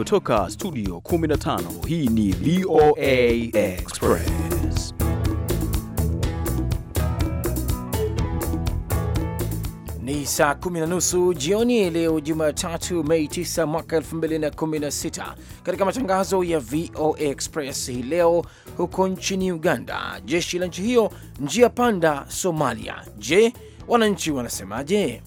kutoka studio 15 hii ni VOA Express ni saa kumi na nusu jioni leo Jumatatu Mei 9 mwaka 2016 katika matangazo ya VOA Express hii leo huko nchini Uganda jeshi la nchi hiyo njia panda Somalia je wananchi wanasemaje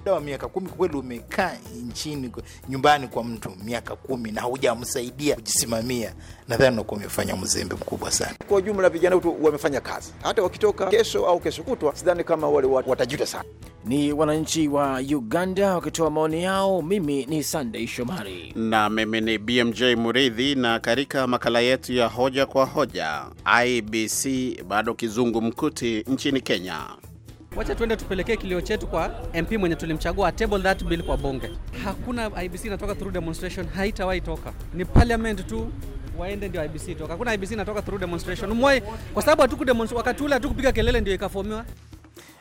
muda wa miaka kumi, kweli umekaa nchini nyumbani kwa mtu miaka kumi na hujamsaidia kujisimamia, nadhani unakuwa umefanya mzembe mkubwa sana. Kwa ujumla, vijana wetu wamefanya kazi, hata wakitoka kesho au kesho kutwa, sidhani kama wale watajuta sana. Ni wananchi wa Uganda wakitoa maoni yao. Mimi ni Sandey Shomari na mimi ni BMJ Muridhi, na katika makala yetu ya hoja kwa hoja IBC bado kizungumkuti nchini Kenya. Wacha tuende tupelekee kilio chetu kwa MP mwenye tulimchagua, table that bill kwa bunge. Hakuna IBC inatoka through demonstration, haitawahi toka, ni parliament tu waende ndio IBC toka. Hakuna IBC inatoka through demonstration mwai, kwa sababu hatuku demonstration wakati ule, hatukupiga kelele ndio ikafomiwa.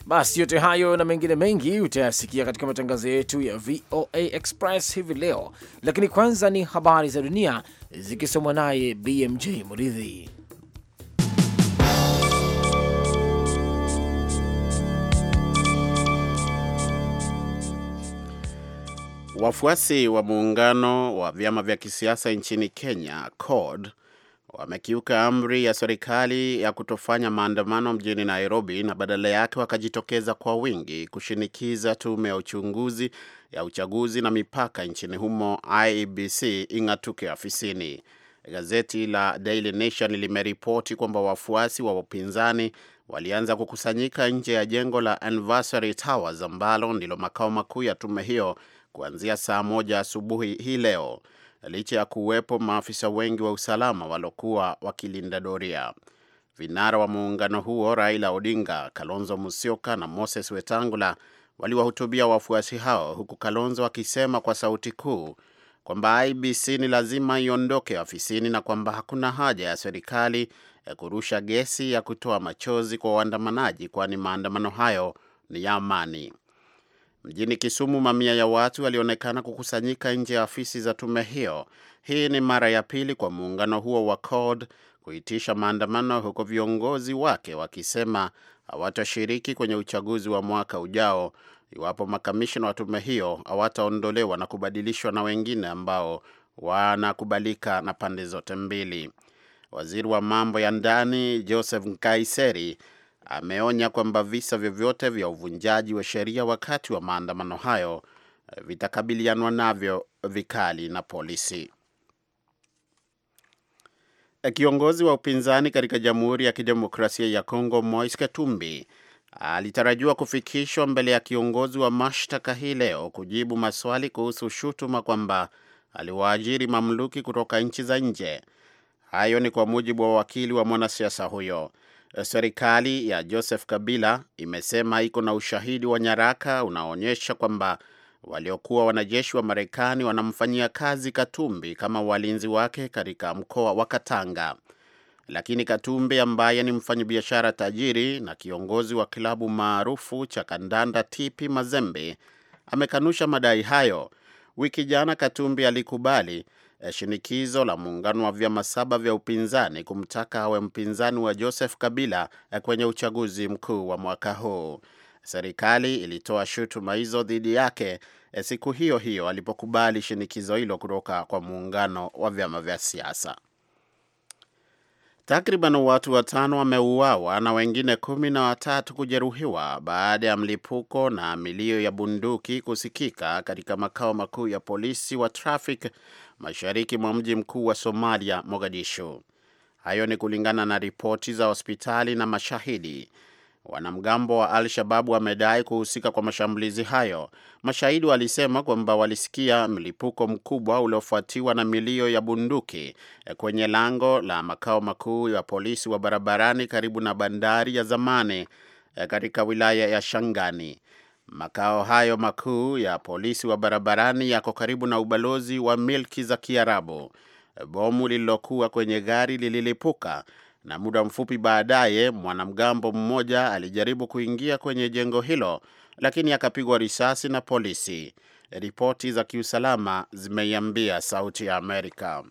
Basi yote hayo na mengine mengi utayasikia katika matangazo yetu ya VOA Express hivi leo, lakini kwanza ni habari za dunia zikisomwa naye BMJ Muridhi. Wafuasi wa muungano wa vyama vya kisiasa nchini Kenya, CORD, wamekiuka amri ya serikali ya kutofanya maandamano mjini Nairobi na badala yake wakajitokeza kwa wingi kushinikiza tume ya uchunguzi ya uchaguzi na mipaka nchini humo IEBC ing'atuke afisini. Gazeti la Daily Nation limeripoti kwamba wafuasi wa upinzani walianza kukusanyika nje ya jengo la Anniversary Towers ambalo ndilo makao makuu ya tume hiyo kuanzia saa moja asubuhi hii leo, licha ya kuwepo maafisa wengi wa usalama waliokuwa wakilinda doria. Vinara wa muungano huo Raila Odinga, Kalonzo Musyoka na Moses Wetangula waliwahutubia wafuasi hao, huku Kalonzo akisema kwa sauti kuu kwamba IBC ni lazima iondoke ofisini na kwamba hakuna haja ya serikali ya eh, kurusha gesi ya kutoa machozi kwa waandamanaji, kwani maandamano hayo ni ya amani. Mjini Kisumu, mamia ya watu walionekana kukusanyika nje ya afisi za tume hiyo. Hii ni mara ya pili kwa muungano huo wa CORD kuitisha maandamano, huko viongozi wake wakisema hawatashiriki kwenye uchaguzi wa mwaka ujao iwapo makamishina wa tume hiyo hawataondolewa na kubadilishwa na wengine ambao wanakubalika na pande zote mbili. Waziri wa mambo ya ndani Joseph Nkaiseri ameonya kwamba visa vyovyote vya uvunjaji wa sheria wakati wa maandamano hayo eh, vitakabilianwa navyo vikali na polisi. Eh, kiongozi wa upinzani katika Jamhuri ya Kidemokrasia ya Kongo Moise Katumbi alitarajiwa kufikishwa mbele ya kiongozi wa mashtaka hii leo kujibu maswali kuhusu shutuma kwamba aliwaajiri mamluki kutoka nchi za nje. Hayo ni kwa mujibu wa wakili wa mwanasiasa huyo. Eh, serikali ya Joseph Kabila imesema iko na ushahidi wa nyaraka unaoonyesha kwamba waliokuwa wanajeshi wa Marekani wanamfanyia kazi Katumbi kama walinzi wake katika mkoa wa Katanga. Lakini Katumbi ambaye ni mfanyabiashara tajiri na kiongozi wa kilabu maarufu cha kandanda TP Mazembe amekanusha madai hayo. Wiki jana Katumbi alikubali E, shinikizo la muungano wa vyama saba vya upinzani kumtaka awe mpinzani wa Joseph Kabila e, kwenye uchaguzi mkuu wa mwaka huu. Serikali ilitoa shutuma hizo dhidi yake e, siku hiyo hiyo alipokubali shinikizo hilo kutoka kwa muungano wa vyama vya siasa. Takriban watu watano wameuawa na wengine kumi na watatu kujeruhiwa baada ya mlipuko na milio ya bunduki kusikika katika makao makuu ya polisi wa traffic mashariki mwa mji mkuu wa Somalia, Mogadishu. Hayo ni kulingana na ripoti za hospitali na mashahidi. Wanamgambo wa Al-Shababu wamedai kuhusika kwa mashambulizi hayo. Mashahidi walisema kwamba walisikia mlipuko mkubwa uliofuatiwa na milio ya bunduki eh, kwenye lango la makao makuu ya polisi wa barabarani karibu na bandari ya zamani eh, katika wilaya ya Shangani. Makao hayo makuu ya polisi wa barabarani yako karibu na ubalozi wa milki za Kiarabu. Bomu lililokuwa kwenye gari lililipuka na muda mfupi baadaye mwanamgambo mmoja alijaribu kuingia kwenye jengo hilo lakini akapigwa risasi na polisi. Ripoti za kiusalama zimeiambia Sauti ya Amerika.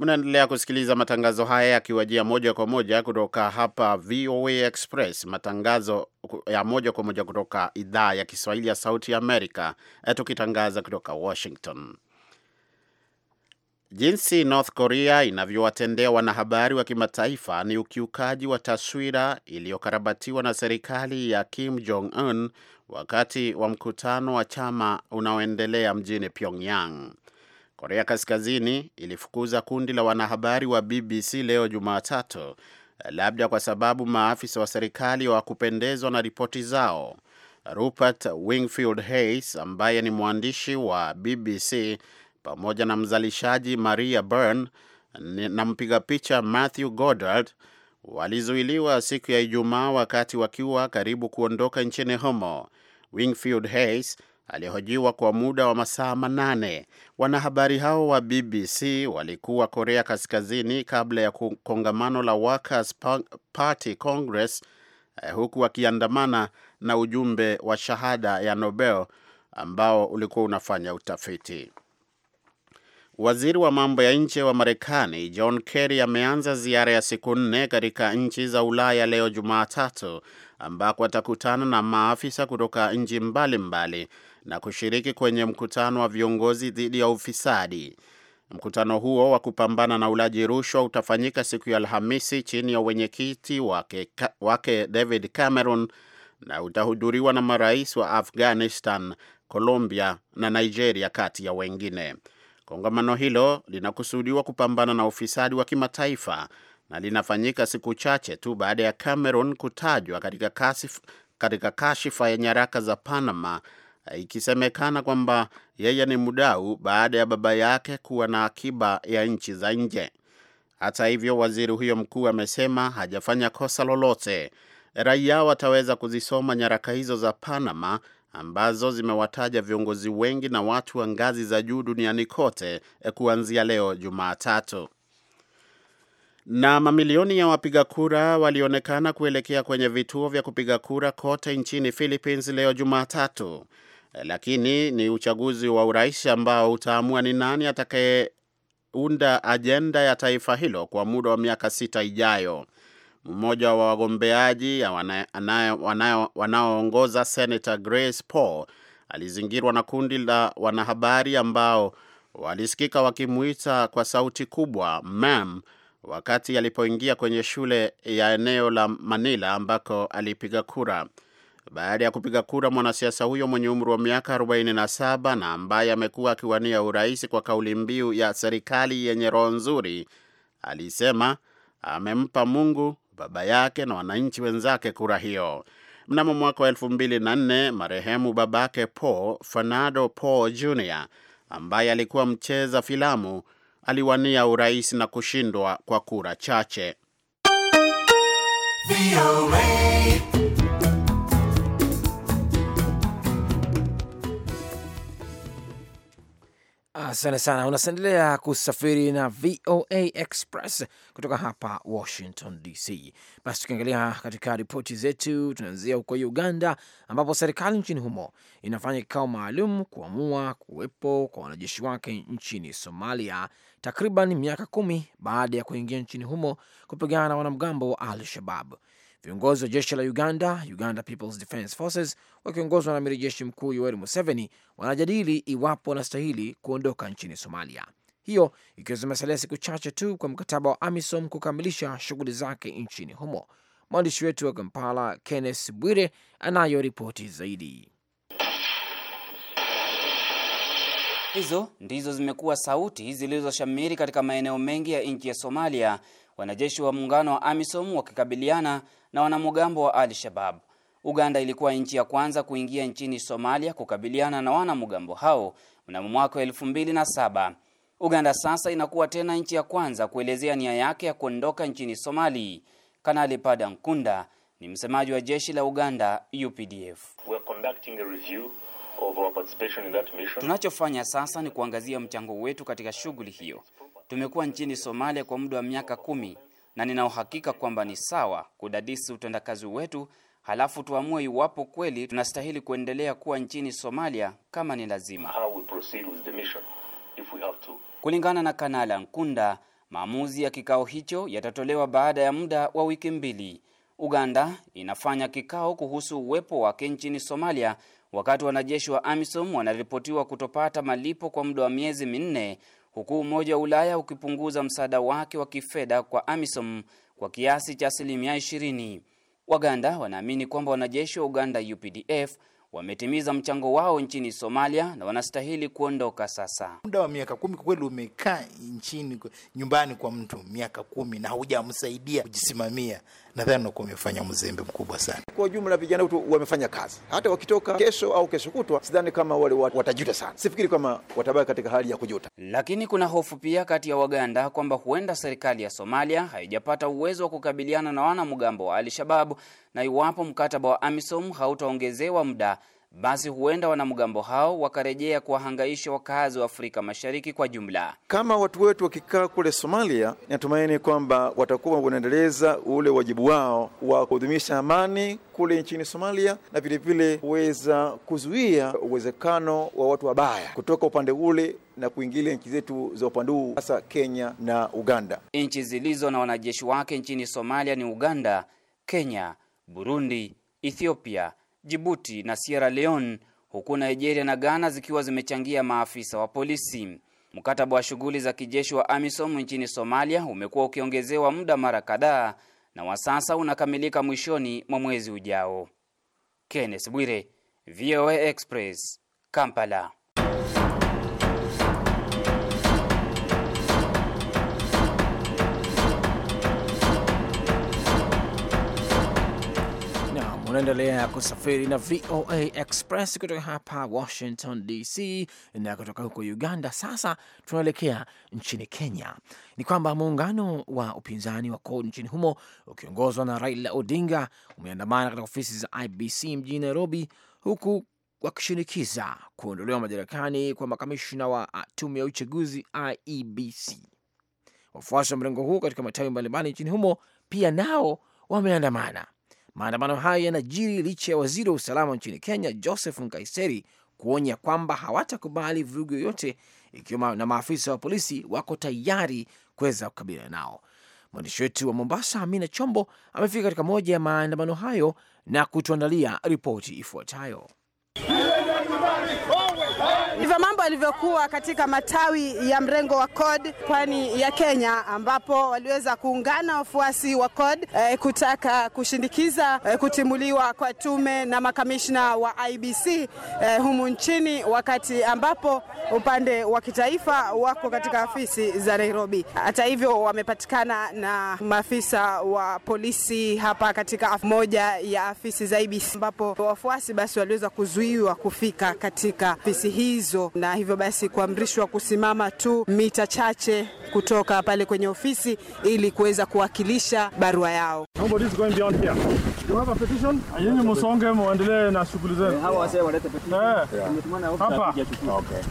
Mnaendelea kusikiliza matangazo haya yakiwajia moja kwa moja kutoka hapa VOA Express, matangazo ya moja kwa moja kutoka idhaa ya Kiswahili ya Sauti Amerika, eh, tukitangaza kutoka Washington. Jinsi North Korea inavyowatendea wanahabari wa kimataifa ni ukiukaji wa taswira iliyokarabatiwa na serikali ya Kim Jong Un wakati wa mkutano wa chama unaoendelea mjini Pyongyang. Korea Kaskazini ilifukuza kundi la wanahabari wa BBC leo Jumatatu, labda kwa sababu maafisa wa serikali hawakupendezwa na ripoti zao. Rupert Wingfield Hayes ambaye ni mwandishi wa BBC pamoja na mzalishaji Maria Byrne na mpiga picha Matthew Goddard walizuiliwa siku ya Ijumaa wakati wakiwa karibu kuondoka nchini humo. Wingfield Hayes alihojiwa kwa muda wa masaa manane. Wanahabari hao wa BBC walikuwa Korea Kaskazini kabla ya kongamano la Workers Party Congress, eh, huku wakiandamana na ujumbe wa shahada ya Nobel ambao ulikuwa unafanya utafiti. Waziri wa mambo ya nje wa Marekani John Kerry ameanza ziara ya siku nne katika nchi za Ulaya leo Jumatatu, ambako atakutana na maafisa kutoka nchi mbalimbali na kushiriki kwenye mkutano wa viongozi dhidi ya ufisadi. Mkutano huo wa kupambana na ulaji rushwa utafanyika siku ya Alhamisi chini ya wenyekiti wake, wake David Cameron na utahudhuriwa na marais wa Afghanistan, Colombia na Nigeria kati ya wengine. Kongamano hilo linakusudiwa kupambana na ufisadi wa kimataifa na linafanyika siku chache tu baada ya Cameron kutajwa katika kashifa ya nyaraka za Panama ikisemekana kwamba yeye ni mdau baada ya baba yake kuwa na akiba ya nchi za nje. Hata hivyo, waziri huyo mkuu amesema hajafanya kosa lolote. Raia wataweza kuzisoma nyaraka hizo za Panama ambazo zimewataja viongozi wengi na watu wa ngazi za juu duniani kote eh, kuanzia leo Jumatatu. Na mamilioni ya wapiga kura walionekana kuelekea kwenye vituo vya kupiga kura kote nchini Philippines leo Jumatatu lakini ni uchaguzi wa urais ambao utaamua ni nani atakayeunda ajenda ya taifa hilo kwa muda wa miaka sita ijayo. Mmoja wa wagombeaji wanaoongoza Senator Grace Paul alizingirwa na kundi la wanahabari ambao walisikika wakimuita kwa sauti kubwa mam wakati alipoingia kwenye shule ya eneo la Manila ambako alipiga kura baada ya kupiga kura mwanasiasa huyo mwenye umri wa miaka 47 na ambaye amekuwa akiwania urais kwa kauli mbiu ya serikali yenye roho nzuri, alisema amempa Mungu baba yake na wananchi wenzake kura hiyo. Mnamo mwaka wa 2004 marehemu babake Paul Fernando Paul Jr ambaye alikuwa mcheza filamu aliwania urais na kushindwa kwa kura chache. Asante sana. Unaendelea kusafiri na VOA Express kutoka hapa Washington DC. Basi tukiangalia katika ripoti zetu, tunaanzia huko Uganda ambapo serikali nchini humo inafanya kikao maalum kuamua kuwepo kwa wanajeshi wake nchini Somalia takriban miaka kumi baada ya kuingia nchini humo kupigana na wanamgambo wa Al shababu Viongozi wa jeshi la Uganda, Uganda People's Defence Forces, wakiongozwa na amiri jeshi mkuu Yoweri Museveni, wanajadili iwapo wanastahili kuondoka nchini Somalia, hiyo ikiwa zimesalia siku chache tu kwa mkataba wa AMISOM kukamilisha shughuli zake nchini humo. Mwandishi wetu wa Kampala, Kenneth Bwire, anayo ripoti zaidi. Hizo ndizo zimekuwa sauti zilizoshamiri katika maeneo mengi ya nchi ya Somalia wanajeshi wa muungano wa AMISOM wakikabiliana na wanamgambo wa Al-Shabab. Uganda ilikuwa nchi ya kwanza kuingia nchini Somalia kukabiliana na wanamgambo hao mnamo mwaka wa elfu mbili na saba. Uganda sasa inakuwa tena nchi ya kwanza kuelezea nia yake ya kuondoka nchini Somali. Kanali Pada Nkunda ni msemaji wa jeshi la Uganda UPDF. Tunachofanya sasa ni kuangazia mchango wetu katika shughuli hiyo. Tumekuwa nchini Somalia kwa muda wa miaka kumi na nina uhakika kwamba ni sawa kudadisi utendakazi wetu, halafu tuamue iwapo kweli tunastahili kuendelea kuwa nchini Somalia kama ni lazima. Kulingana na Kanala Nkunda, maamuzi ya kikao hicho yatatolewa baada ya muda wa wiki mbili. Uganda inafanya kikao kuhusu uwepo wake nchini Somalia wakati wanajeshi wa AMISOM wanaripotiwa kutopata malipo kwa muda wa miezi minne huku Umoja wa Ulaya ukipunguza msaada wake wa kifedha kwa AMISOM kwa kiasi cha asilimia 20. Waganda wanaamini kwamba wanajeshi wa Uganda UPDF wametimiza mchango wao nchini Somalia na wanastahili kuondoka sasa. Muda wa miaka kumi kwa kweli umekaa nchini nyumbani kwa mtu miaka kumi na hujamsaidia kujisimamia, nadhani nakuwa umefanya mzembe mkubwa sana. Kwa ujumla, vijana wetu wamefanya kazi, hata wakitoka kesho au kesho kutwa, sidhani kama wale watajuta sana, sifikiri kama watabaki katika hali ya kujuta. Lakini kuna hofu pia kati ya Waganda kwamba huenda serikali ya Somalia haijapata uwezo wa kukabiliana na wanamgambo wa Al-Shababu, na iwapo mkataba wa AMISOM hautaongezewa muda basi huenda wanamgambo hao wakarejea kuwahangaisha wakazi wa Afrika Mashariki kwa jumla. Kama watu wetu wakikaa kule Somalia, natumaini kwamba watakuwa wanaendeleza ule wajibu wao wa kuhudhumisha amani kule nchini Somalia na vilevile kuweza kuzuia uwezekano wa watu wabaya kutoka upande ule na kuingilia nchi zetu za upande huu, hasa Kenya na Uganda. Nchi zilizo na wanajeshi wake nchini Somalia ni Uganda, Kenya, Burundi, Ethiopia, Jibuti na Sierra Leone, huku Nigeria na Ghana zikiwa zimechangia maafisa wa polisi. Mkataba wa shughuli za kijeshi wa AMISOM nchini Somalia umekuwa ukiongezewa muda mara kadhaa na wa sasa unakamilika mwishoni mwa mwezi ujao. Kenneth Bwire, VOA Express, Kampala. Unaendelea kusafiri na VOA Express kutoka hapa Washington DC, na kutoka huko Uganda sasa tunaelekea nchini Kenya. Ni kwamba muungano wa upinzani wa CORD nchini humo ukiongozwa na Raila Odinga umeandamana katika ofisi za IBC mjini Nairobi, huku wakishinikiza kuondolewa madarakani kwa makamishna wa tume ya uchaguzi IEBC. Wafuasi wa mrengo huu katika matawi mbalimbali nchini humo pia nao wameandamana. Maandamano hayo yanajiri licha ya waziri wa usalama nchini Kenya Joseph Nkaiseri kuonya kwamba hawatakubali vurugu yoyote, ikiwa na maafisa wa polisi wako tayari kuweza kukabiliana nao. Mwandishi wetu wa Mombasa, Amina Chombo, amefika katika moja ya maandamano hayo na kutuandalia ripoti ifuatayo kama walivyokuwa katika matawi ya mrengo wa CORD pwani ya Kenya, ambapo waliweza kuungana wafuasi wa CORD eh, kutaka kushindikiza eh, kutimuliwa kwa tume na makamishna wa IBC eh, humu nchini, wakati ambapo upande wa kitaifa wako katika afisi za Nairobi. Hata hivyo, wamepatikana na maafisa wa polisi hapa katika moja ya afisi za IBC, ambapo wafuasi basi waliweza kuzuiwa kufika katika afisi hizo na na hivyo basi kuamrishwa kusimama tu mita chache kutoka pale kwenye ofisi ili kuweza kuwakilisha barua yao. Hapa muendelee na shughuli zenu. Eh. Hapa. Okay.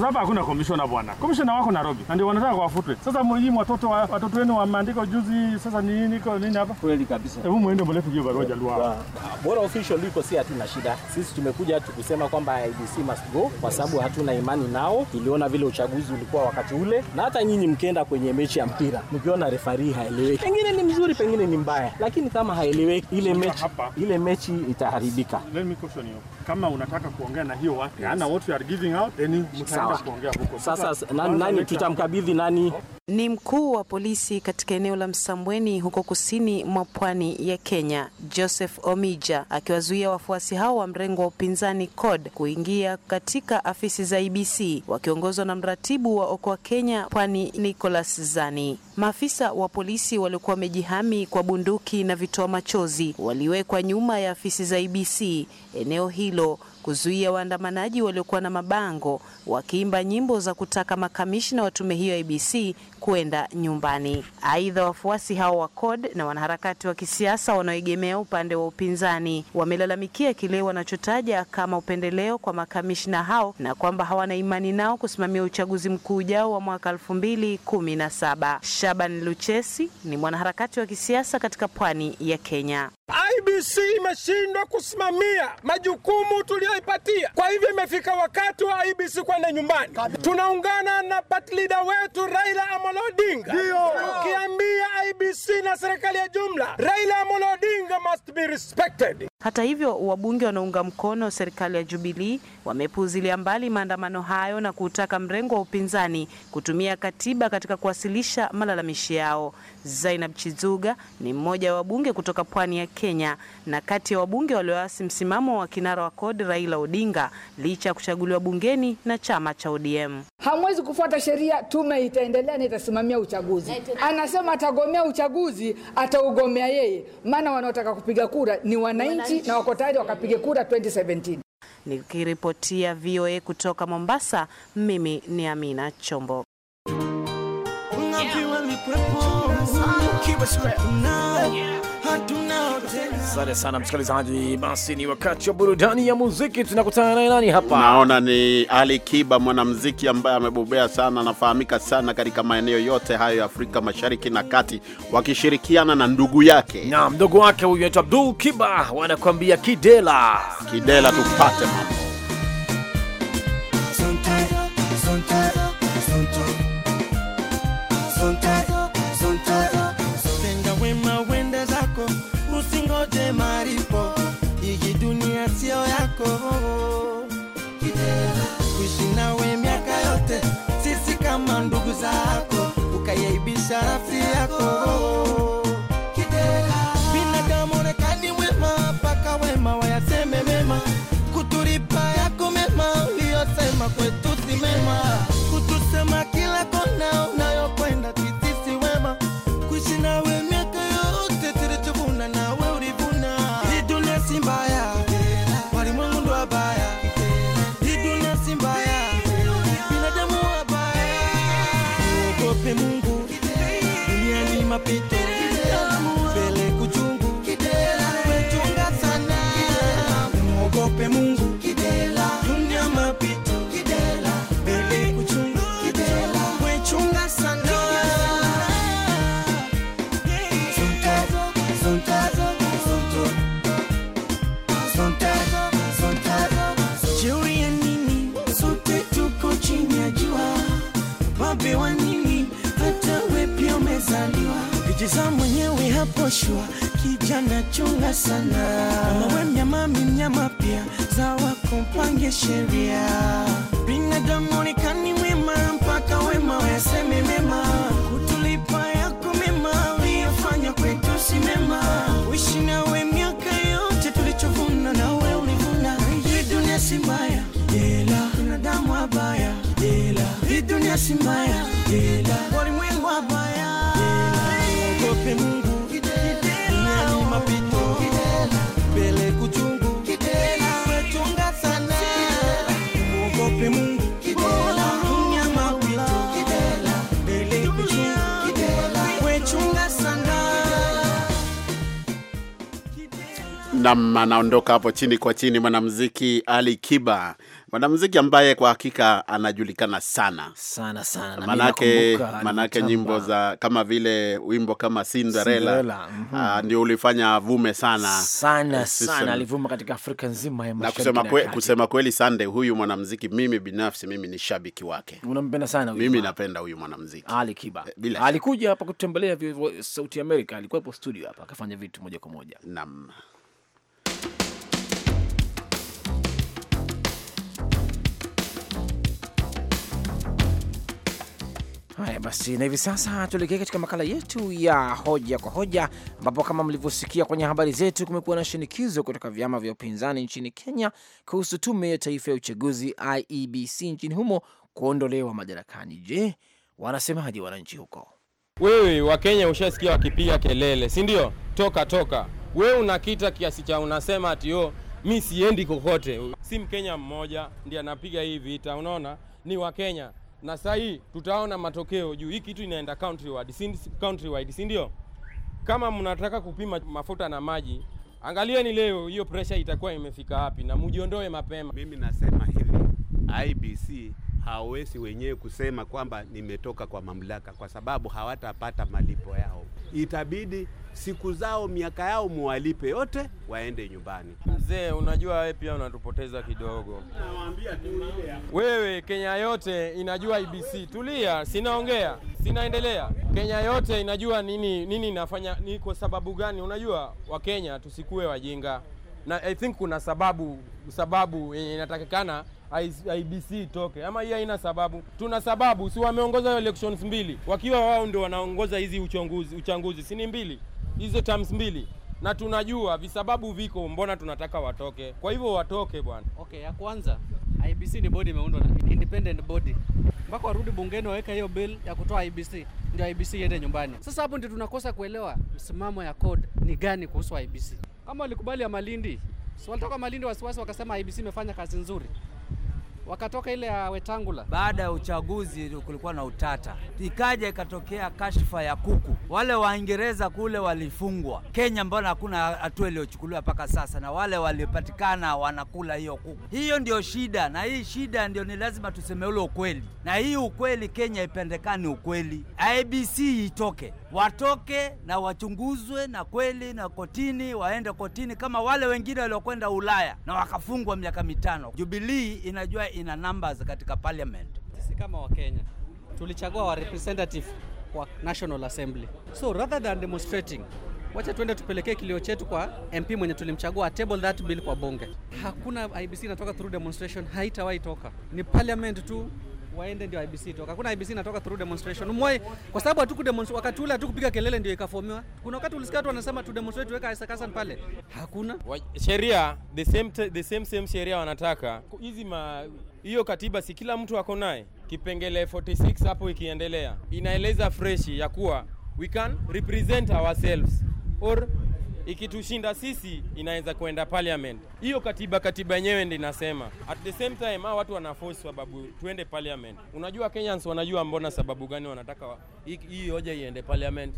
hapa hakuna bwana. wako Nairobi na ndio wanataka Sasa watoto watoto wenu wameandika juzi sasa nini hapa? Kweli kabisa. Hebu muende hiyo barua jalua Bora official liko si hatuna shida. Sisi tumekuja kwamba IBC must go kwa sababu hatuna imani nao. Niliona vile uchaguzi ulikuwa wakati ule, na hata nyinyi mkienda kwenye mechi ya mpira mkiona refari haeleweki, pengine ni mzuri, pengine ni mbaya, lakini kama haeleweki ile mechi, ile mechi itaharibika. Let me question you, kama unataka kuongea na hiyo watu, yes. what you are giving out then mtaenda kuongea huko. Sasa nani, nani tutamkabidhi nani? Ni mkuu wa polisi katika eneo la Msambweni huko kusini mwa pwani ya Kenya, Joseph Omija akiwazuia wafuasi hao wa mrengo wa upinzani CORD kuingia katika afisi za IBC e wakiongozwa na mratibu wa Okoa Kenya Pwani, Nicholas Zani. Maafisa wa polisi waliokuwa wamejihami kwa bunduki na vitoa machozi waliwekwa nyuma ya afisi za IBC e eneo hilo kuzuia waandamanaji waliokuwa na mabango wakiimba nyimbo za kutaka makamishna wa tume hiyo abc kwenda nyumbani. Aidha, wafuasi hao wa CORD na wanaharakati wa kisiasa wanaoegemea upande wa upinzani wamelalamikia kile wanachotaja kama upendeleo kwa makamishna hao na kwamba hawana imani nao kusimamia uchaguzi mkuu ujao wa mwaka 2017. Shaban Luchesi ni mwanaharakati wa kisiasa katika pwani ya Kenya. IBC imeshindwa kusimamia majukumu tuliyoipatia. Kwa hivyo imefika wakati wa IBC kwenda nyumbani. Tunaungana na patlida wetu Raila Amolo Odinga tukiambia IBC na serikali ya jumla, Raila Amolo Odinga must be respected. Hata hivyo, wabunge wanaunga mkono serikali ya Jubilee wamepuuzilia mbali maandamano hayo na kuutaka mrengo wa upinzani kutumia katiba katika kuwasilisha malalamishi yao. Zainab Chizuga ni mmoja wa wabunge kutoka pwani ya Kenya na kati ya wabunge walioasi msimamo wa kinara wa kodi Raila Odinga licha ya kuchaguliwa bungeni na chama cha ODM. Hamwezi kufuata sheria, tume itaendelea na itasimamia uchaguzi. Anasema atagomea uchaguzi, ataugomea yeye, maana wanaotaka kupiga kura ni wananchi haki na wako tayari wakapiga kura 2017. Nikiripotia VOA kutoka Mombasa, mimi ni Amina Chombo. Yeah. Yeah. Asante sana msikilizaji, basi ni wakati wa burudani ya muziki. Tunakutana naye nani hapa? Naona ni Ali Kiba, mwanamuziki ambaye amebobea sana, anafahamika sana katika maeneo yote hayo ya Afrika Mashariki na Kati, wakishirikiana na ndugu yake na mdogo wake huyu anaitwa Abdul Kiba, wanakuambia Kidela. Kidela tupate mama Chana chunga sana, mama we mnyama, mi mnyama pia, zawa kumpange sheria. Binadamu onekani mwema, mpaka wema wayaseme mema, kutulipa yako mema, uliyofanya kwetu si mema, uishi nawe miaka yote, tulichovuna nawe ulivuna. Hii dunia si mbaya, ila binadamu wabaya, ila hii dunia si mbaya, ila walimwengu wabaya, ogope Mungu Nam anaondoka hapo chini kwa chini, mwanamuziki Ali Kiba, mwanamuziki ambaye kwa hakika anajulikana sana sana sana, manake manake nyimbo za kama vile wimbo kama Cinderella, Cinderella. Mm -hmm. ndio ulifanya avume sana sana eh, sana, alivuma katika Afrika nzima na kusema, kwe, kusema kweli Sande, huyu mwanamuziki mimi binafsi mimi ni shabiki wake. Unampenda sana huyu? Mimi napenda huyu mwanamuziki Ali Kiba. Eh, bila alikuja hapa kutembelea Sauti ya Amerika, alikuwepo studio hapa akafanya vitu moja kwa moja. Naam. Haya basi, na hivi sasa tuelekee katika makala yetu ya hoja kwa hoja, ambapo kama mlivyosikia kwenye habari zetu, kumekuwa na shinikizo kutoka vyama vya upinzani nchini Kenya kuhusu tume ya taifa ya uchaguzi IEBC nchini humo kuondolewa madarakani. Je, wanasemaje wananchi huko? Wewe Wakenya ushasikia wakipiga kelele, si ndio? Toka toka, wewe unakita kiasi cha unasema ati yo oh, mi siendi kokote. Si Mkenya mmoja ndiye anapiga hii vita, unaona ni Wakenya na sasa hii tutaona matokeo juu hii kitu inaenda countrywide, si countrywide, si ndio? Kama mnataka kupima mafuta na maji, angalieni leo hiyo pressure itakuwa imefika wapi na mjiondoe mapema. Mimi nasema hivi, IBC hawawezi wenyewe kusema kwamba nimetoka kwa mamlaka, kwa sababu hawatapata malipo yao itabidi siku zao miaka yao muwalipe yote waende nyumbani. Mzee, unajua wewe pia unatupoteza kidogo. wewe, Kenya yote inajua IBC. Tulia, sinaongea sinaendelea. Kenya yote inajua nini nini inafanya, ni kwa sababu gani? Unajua Wakenya tusikue wajinga, na I think kuna sababu sababu yenye eh, inatakikana IBC itoke ama hii haina sababu. Tuna sababu, si wameongoza elections mbili wakiwa wao ndio wanaongoza hizi uchunguzi, uchanguzi si ni mbili hizo terms mbili, na tunajua visababu viko, mbona tunataka watoke? Kwa hivyo watoke bwana. Okay, ya kwanza IBC ni body imeundwa na independent body, mpaka warudi bungeni waweka hiyo bill ya kutoa IBC ndio IBC iende nyumbani. Sasa hapo ndio tunakosa kuelewa msimamo ya code ni gani kuhusu IBC. Kama walikubali ya Malindi, si walitoka Malindi wasiwasi wakasema IBC imefanya kazi nzuri wakatoka ile ya Wetangula. Baada ya uchaguzi kulikuwa na utata, ikaja ikatokea kashfa ya kuku. Wale Waingereza kule walifungwa Kenya, mbona hakuna hatua iliyochukuliwa mpaka sasa? Na wale walipatikana wanakula hiyo kuku. Hiyo ndio shida, na hii shida ndio ni lazima tuseme ule ukweli, na hii ukweli Kenya ipendekani ukweli, IBC itoke watoke na wachunguzwe na kweli na kotini, waende kotini kama wale wengine waliokwenda Ulaya na wakafungwa miaka mitano. Jubilee inajua ina numbers katika parliament. Sisi kama Wakenya tulichagua wa representative kwa National Assembly, so rather than demonstrating Wacha tuende tupelekee kilio chetu kwa MP mwenye tulimchagua, table that bill kwa bunge. Hakuna IBC inatoka through demonstration, haitawahi toka, ni parliament tu waende ndio IBC toka. Hakuna IBC inatoka through demonstration. Umwai kwa sababu hatuku demonstrate wakati ule hatukupiga kelele ndio ikafomiwa. Kuna wakati ulisikia watu wanasema tu demonstrate tuweka Isaac Hassan pale. Hakuna. Sheria the same the same same sheria wanataka. Hizi ma hiyo katiba si kila mtu ako naye. Kipengele 46 hapo ikiendelea inaeleza freshi ya kuwa we can represent ourselves or ikitushinda sisi inaweza kuenda parliament. Hiyo katiba katiba yenyewe ndio inasema. At the same time hao watu wanaforce sababu tuende parliament. Unajua Kenyans wanajua mbona sababu gani wanataka wa, hii hoja iende parliament.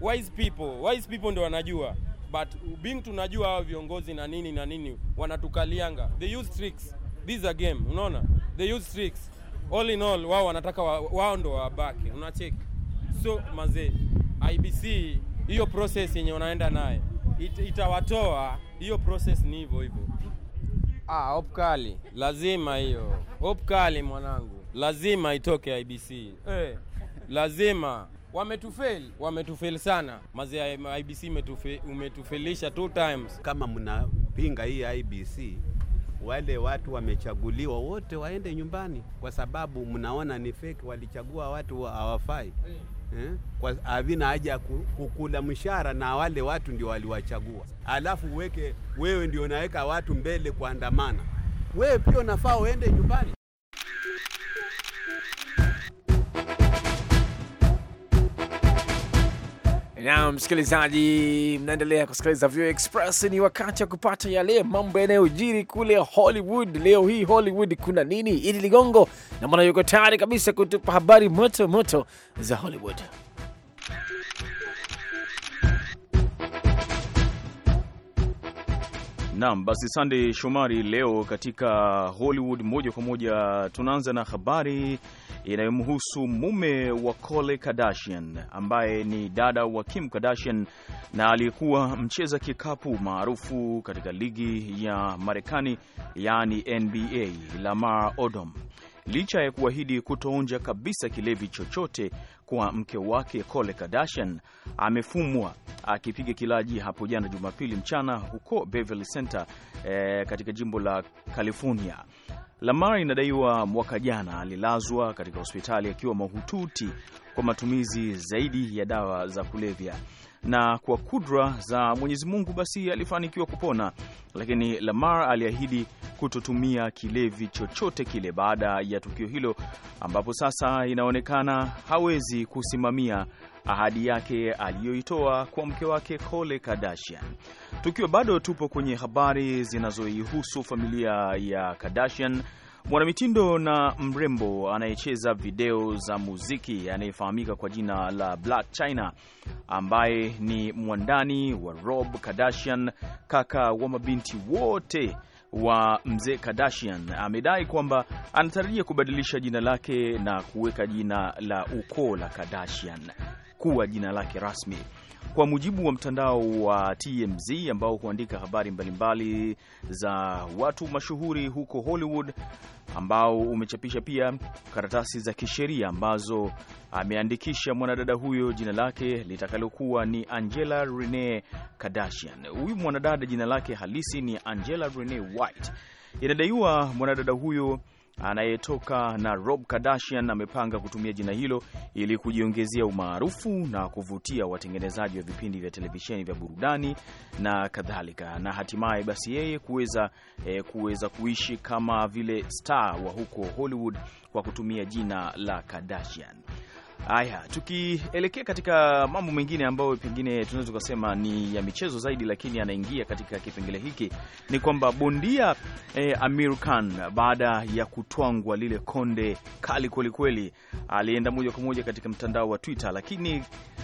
Wise people, wise people ndio wanajua but being tunajua hao viongozi na nini na nini wanatukalianga. They use tricks. This a game, unaona? They use tricks. All in all wao wanataka wa, wao ndio wabaki. Unacheki? So mazee IBC hiyo process yenye unaenda naye it, itawatoa hiyo process ni hivyo hivyo. Ah, hope kali lazima hiyo hope kali mwanangu, lazima itoke IBC hey, eh. lazima wametufail, wametufeli sana mazee. Eh, IBC umetufailisha two times. Kama mnapinga hii IBC, wale watu wamechaguliwa wote waende nyumbani, kwa sababu mnaona ni fake, walichagua watu hawafai wa eh. Eh? Kwa havina haja kukula mshahara, na wale watu ndio waliwachagua, alafu uweke wewe ndio unaweka watu mbele kuandamana. Wewe pia unafaa uende nyumbani. na msikilizaji, mnaendelea kusikiliza View Express. Ni wakati wa kupata yale mambo yanayojiri kule Hollywood. Leo hii Hollywood kuna nini? Idi Ligongo na mwana yuko tayari kabisa kutupa habari moto moto za Hollywood. Naam, basi sandey Shomari, leo katika Hollywood moja kwa moja tunaanza na habari inayomhusu mume wa kole Kardashian ambaye ni dada wa Kim Kardashian na aliyekuwa mcheza kikapu maarufu katika ligi ya Marekani yaani NBA, Lamar Odom. Licha ya kuahidi kutoonja kabisa kilevi chochote kuwa mke wake Khloe Kardashian amefumwa akipiga kilaji hapo jana Jumapili mchana huko Beverly Center e, katika jimbo la California. Lamar inadaiwa mwaka jana alilazwa katika hospitali akiwa mahututi kwa matumizi zaidi ya dawa za kulevya na kwa kudra za Mwenyezi Mungu basi alifanikiwa kupona, lakini Lamar aliahidi kutotumia kilevi chochote kile baada ya tukio hilo, ambapo sasa inaonekana hawezi kusimamia ahadi yake aliyoitoa kwa mke wake kole Kardashian. Tukiwa bado tupo kwenye habari zinazoihusu familia ya Kardashian, Mwanamitindo na mrembo anayecheza video za muziki anayefahamika kwa jina la Black China, ambaye ni mwandani wa Rob Kardashian, kaka wa mabinti wote wa mzee Kardashian, amedai kwamba anatarajia kubadilisha jina lake na kuweka jina la ukoo la Kardashian kuwa jina lake rasmi. Kwa mujibu wa mtandao wa TMZ ambao huandika habari mbalimbali za watu mashuhuri huko Hollywood, ambao umechapisha pia karatasi za kisheria ambazo ameandikisha mwanadada huyo jina lake litakalokuwa ni Angela Renee Kardashian. Huyu mwanadada jina lake halisi ni Angela Renee White. Inadaiwa mwanadada huyo anayetoka na Rob Kardashian amepanga kutumia jina hilo ili kujiongezea umaarufu na kuvutia watengenezaji wa vipindi vya televisheni vya burudani na kadhalika, na hatimaye basi yeye kuweza e, kuweza kuishi kama vile star wa huko Hollywood kwa kutumia jina la Kardashian. Haya, tukielekea katika mambo mengine ambayo pengine tunaweza tukasema ni ya michezo zaidi, lakini anaingia katika kipengele hiki ni kwamba bondia eh, Amir Khan baada ya kutwangwa lile konde kali kwelikweli, alienda moja kwa moja katika mtandao wa Twitter. Lakini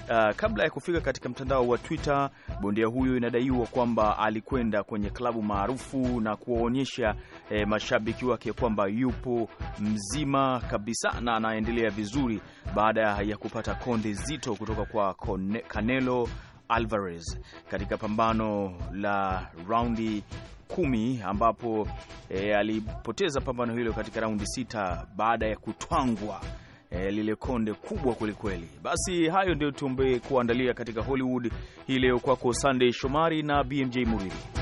uh, kabla ya kufika katika mtandao wa Twitter, bondia huyo inadaiwa kwamba alikwenda kwenye klabu maarufu na kuwaonyesha eh, mashabiki wake kwamba yupo mzima kabisa na anaendelea vizuri baada ya kupata konde zito kutoka kwa Canelo Alvarez katika pambano la raundi kumi ambapo e, alipoteza pambano hilo katika raundi sita baada ya kutwangwa E, lile konde kubwa kwelikweli. Basi hayo ndio tumekuandalia katika Hollywood hii leo, kwako Sunday Shomari na BMJ Muridhi.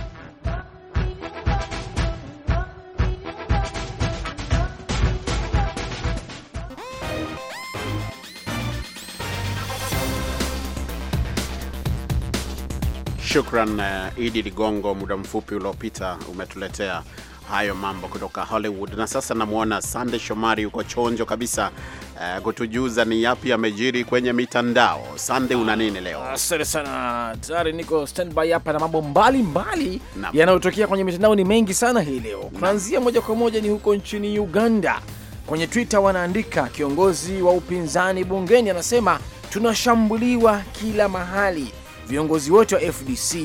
Shukran uh, Idi Ligongo. Muda mfupi uliopita umetuletea hayo mambo kutoka Hollywood, na sasa namwona Sande Shomari yuko chonjo kabisa uh, kutujuza ni yapi yamejiri kwenye mitandao. Sande, una ah, nini leo? Asante sana, tayari niko standby hapa na mambo mbalimbali yanayotokea kwenye mitandao ni mengi sana hii leo. Kuanzia moja kwa moja ni huko nchini Uganda, kwenye Twitter wanaandika, kiongozi wa upinzani bungeni anasema tunashambuliwa kila mahali viongozi wote wa FDC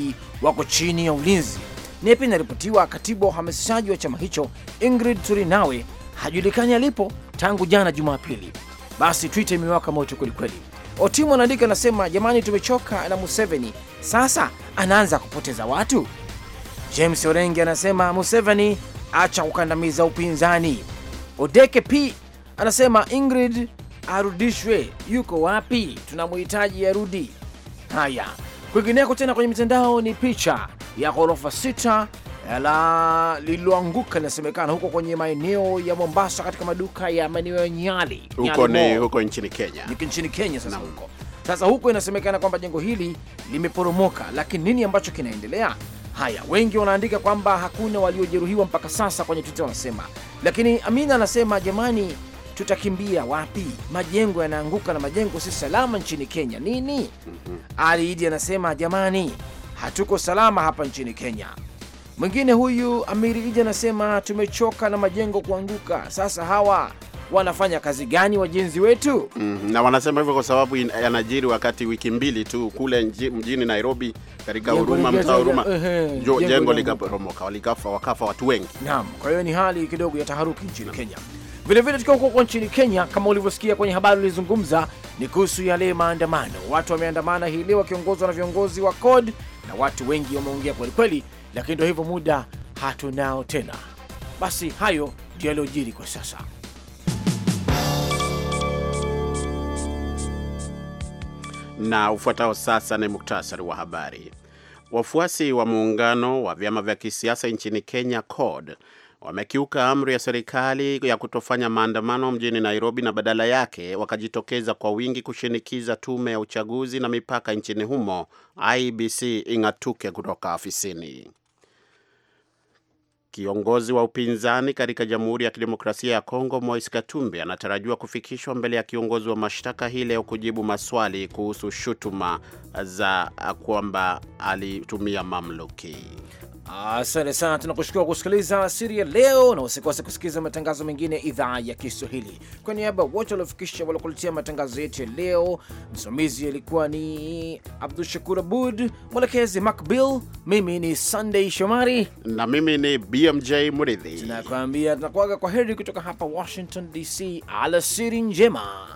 wako chini ya ulinzi. nepi naripotiwa inaripotiwa katibu wa uhamasishaji wa chama hicho Ingrid Turinawe hajulikani alipo tangu jana Jumapili. Basi Twitter imewaka moto kwelikweli. Otimo anaandika anasema, jamani, tumechoka na Museveni, sasa anaanza kupoteza watu. James Orengi anasema, Museveni acha kukandamiza upinzani. Odeke P anasema, Ingrid arudishwe, yuko wapi? Tunamhitaji arudi. Haya, Kwingineko tena kwenye mitandao ni picha ya ghorofa sita eh, la lililoanguka linasemekana huko kwenye maeneo ya Mombasa, katika maduka ya maeneo ya Nyali huko ni huko nchini Kenya, nchini Kenya sasa huko sasa huko inasemekana kwamba jengo hili limeporomoka, lakini nini ambacho kinaendelea? Haya, wengi wanaandika kwamba hakuna waliojeruhiwa mpaka sasa kwenye Twitter wanasema, lakini Amina anasema jamani, tutakimbia wapi? Majengo yanaanguka na majengo si salama nchini Kenya nini? Mhm. Ali Idi anasema jamani, hatuko salama hapa nchini Kenya. Mwingine huyu Amiri Idi anasema tumechoka na majengo kuanguka. Sasa hawa wanafanya kazi gani wajenzi wetu? Mm -hmm. Na wanasema hivyo kwa sababu yanajiri wakati wiki mbili tu kule mjini Nairobi, katika Huruma, mtaa Huruma, jengo likaporomoka, walikafa wakafa watu wengi. Naam, kwa hiyo ni hali kidogo ya taharuki nchini Kenya. Vilevile tukiwa huko nchini Kenya, kama ulivyosikia kwenye habari ulizungumza, ni kuhusu yale maandamano. Watu wameandamana hii leo wakiongozwa na viongozi wa CORD na watu wengi wameongea kwelikweli, lakini ndio hivyo, muda hatunao tena. Basi hayo ndio yaliyojiri kwa sasa. Na ufuatao sasa ni muktasari wa habari. Wafuasi wa muungano wa vyama vya kisiasa nchini Kenya CORD wamekiuka amri ya serikali ya kutofanya maandamano mjini Nairobi na badala yake wakajitokeza kwa wingi kushinikiza tume ya uchaguzi na mipaka nchini humo IBC ing'atuke kutoka afisini. Kiongozi wa upinzani katika Jamhuri ya Kidemokrasia ya Kongo mois Katumbi anatarajiwa kufikishwa mbele ya kiongozi wa mashtaka hii leo kujibu maswali kuhusu shutuma za kwamba alitumia mamluki. Asante sana, tunakushukuru kusikiliza siri ya leo, na usikose kusikiliza matangazo mengine ya idhaa ya Kiswahili. Kwa niaba wote waliofikisha waliokuletea matangazo yetu ya leo, msimamizi alikuwa ni Abdul Shakur Abud, mwelekezi Macbill, mimi ni Sunday Shomari na mimi ni BMJ Muridhi. Tunakuambia tunakuaga kwa heri kutoka hapa Washington DC, alasiri njema.